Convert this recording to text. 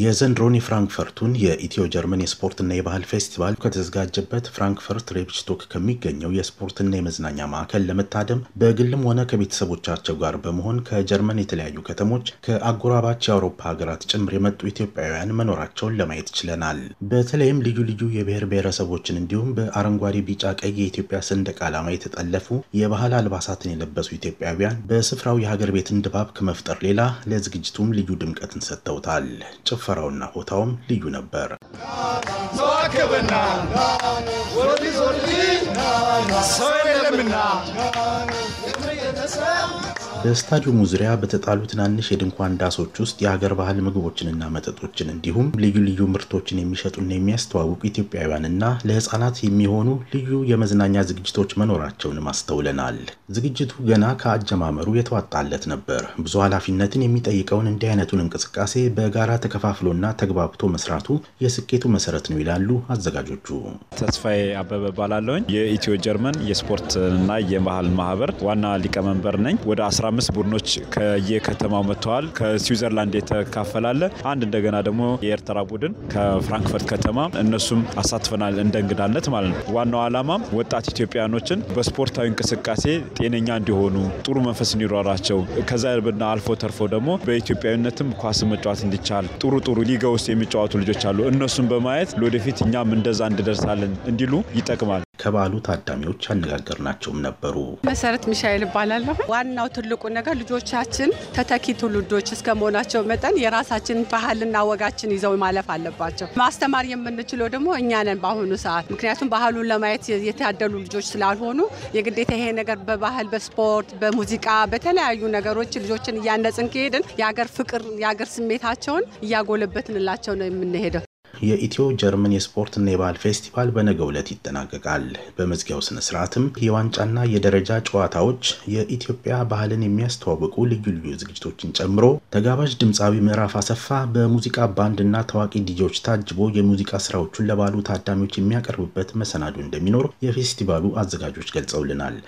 የዘንድሮን የፍራንክፈርቱን የኢትዮ ጀርመን የስፖርትና የባህል ፌስቲቫል ከተዘጋጀበት ፍራንክፈርት ሬፕችቶክ ከሚገኘው የስፖርትና የመዝናኛ ማዕከል ለመታደም በግልም ሆነ ከቤተሰቦቻቸው ጋር በመሆን ከጀርመን የተለያዩ ከተሞች ከአጎራባች የአውሮፓ ሀገራት ጭምር የመጡ ኢትዮጵያውያን መኖራቸውን ለማየት ችለናል። በተለይም ልዩ ልዩ የብሔር ብሔረሰቦችን እንዲሁም በአረንጓዴ፣ ቢጫ፣ ቀይ የኢትዮጵያ ሰንደቅ ዓላማ የተጠለፉ የባህል አልባሳትን የለበሱ ኢትዮጵያውያን በስፍራው የሀገር ቤትን ድባብ ከመፍጠር ሌላ ለዝግጅቱም ልዩ ድምቀትን ሰጥተውታል። ጭፈራውና ሆታውም ልዩ ነበር። ሰው የለምና በስታዲየሙ ዙሪያ በተጣሉ ትናንሽ የድንኳን ዳሶች ውስጥ የሀገር ባህል ምግቦችንና መጠጦችን እንዲሁም ልዩ ልዩ ምርቶችን የሚሸጡና የሚያስተዋውቁ ኢትዮጵያውያንና ለህፃናት የሚሆኑ ልዩ የመዝናኛ ዝግጅቶች መኖራቸውን አስተውለናል። ዝግጅቱ ገና ከአጀማመሩ የተዋጣለት ነበር። ብዙ ኃላፊነትን የሚጠይቀውን እንዲህ አይነቱን እንቅስቃሴ በጋራ ተከፋፍሎና ተግባብቶ መስራቱ የስኬቱ መሰረት ነው ይላሉ አዘጋጆቹ። ተስፋዬ አበበ ባላለውኝ የኢትዮ ጀርመን የስፖርትና የባህል ማህበር ዋና ሊቀመንበር ነኝ። ወደ አምስት ቡድኖች ከየከተማው መጥተዋል። ከስዊዘርላንድ የተካፈላለ አንድ እንደገና ደግሞ የኤርትራ ቡድን ከፍራንክፈርት ከተማ እነሱም አሳትፈናል እንደ እንግዳነት ማለት ነው። ዋናው ዓላማም ወጣት ኢትዮጵያኖችን በስፖርታዊ እንቅስቃሴ ጤነኛ እንዲሆኑ ጥሩ መንፈስ እንዲኖራቸው ከዛ ብና አልፎ ተርፎ ደግሞ በኢትዮጵያዊነትም ኳስ መጫወት እንዲቻል ጥሩ ጥሩ ሊጋ ውስጥ የሚጫወቱ ልጆች አሉ። እነሱን በማየት ለወደፊት እኛም እንደዛ እንደደርሳለን እንዲሉ ይጠቅማል። ከበዓሉ ታዳሚዎች አነጋገርናቸውም ነበሩ። መሰረት ሚሻኤል እባላለሁ። ዋናው ትልቁ ነገር ልጆቻችን ተተኪ ትውልዶች እስከ መሆናቸው መጠን የራሳችን ባህልና ወጋችን ይዘው ማለፍ አለባቸው። ማስተማር የምንችለው ደግሞ እኛ ነን በአሁኑ ሰዓት። ምክንያቱም ባህሉን ለማየት የታደሉ ልጆች ስላልሆኑ የግዴታ ይሄ ነገር በባህል በስፖርት፣ በሙዚቃ፣ በተለያዩ ነገሮች ልጆችን እያነጽን ከሄድን የአገር ፍቅር የአገር ስሜታቸውን እያጎለበትንላቸው ነው የምንሄደው። የኢትዮ ጀርመን የስፖርትና የባህል ፌስቲቫል በነገ ዕለት ይጠናቀቃል። በመዝጊያው ስነ ስርዓትም የዋንጫና የደረጃ ጨዋታዎች፣ የኢትዮጵያ ባህልን የሚያስተዋውቁ ልዩ ልዩ ዝግጅቶችን ጨምሮ ተጋባዥ ድምፃዊ ምዕራፍ አሰፋ በሙዚቃ ባንድና ታዋቂ ዲጆች ታጅቦ የሙዚቃ ስራዎቹን ለባሉ ታዳሚዎች የሚያቀርብበት መሰናዶ እንደሚኖር የፌስቲቫሉ አዘጋጆች ገልጸውልናል።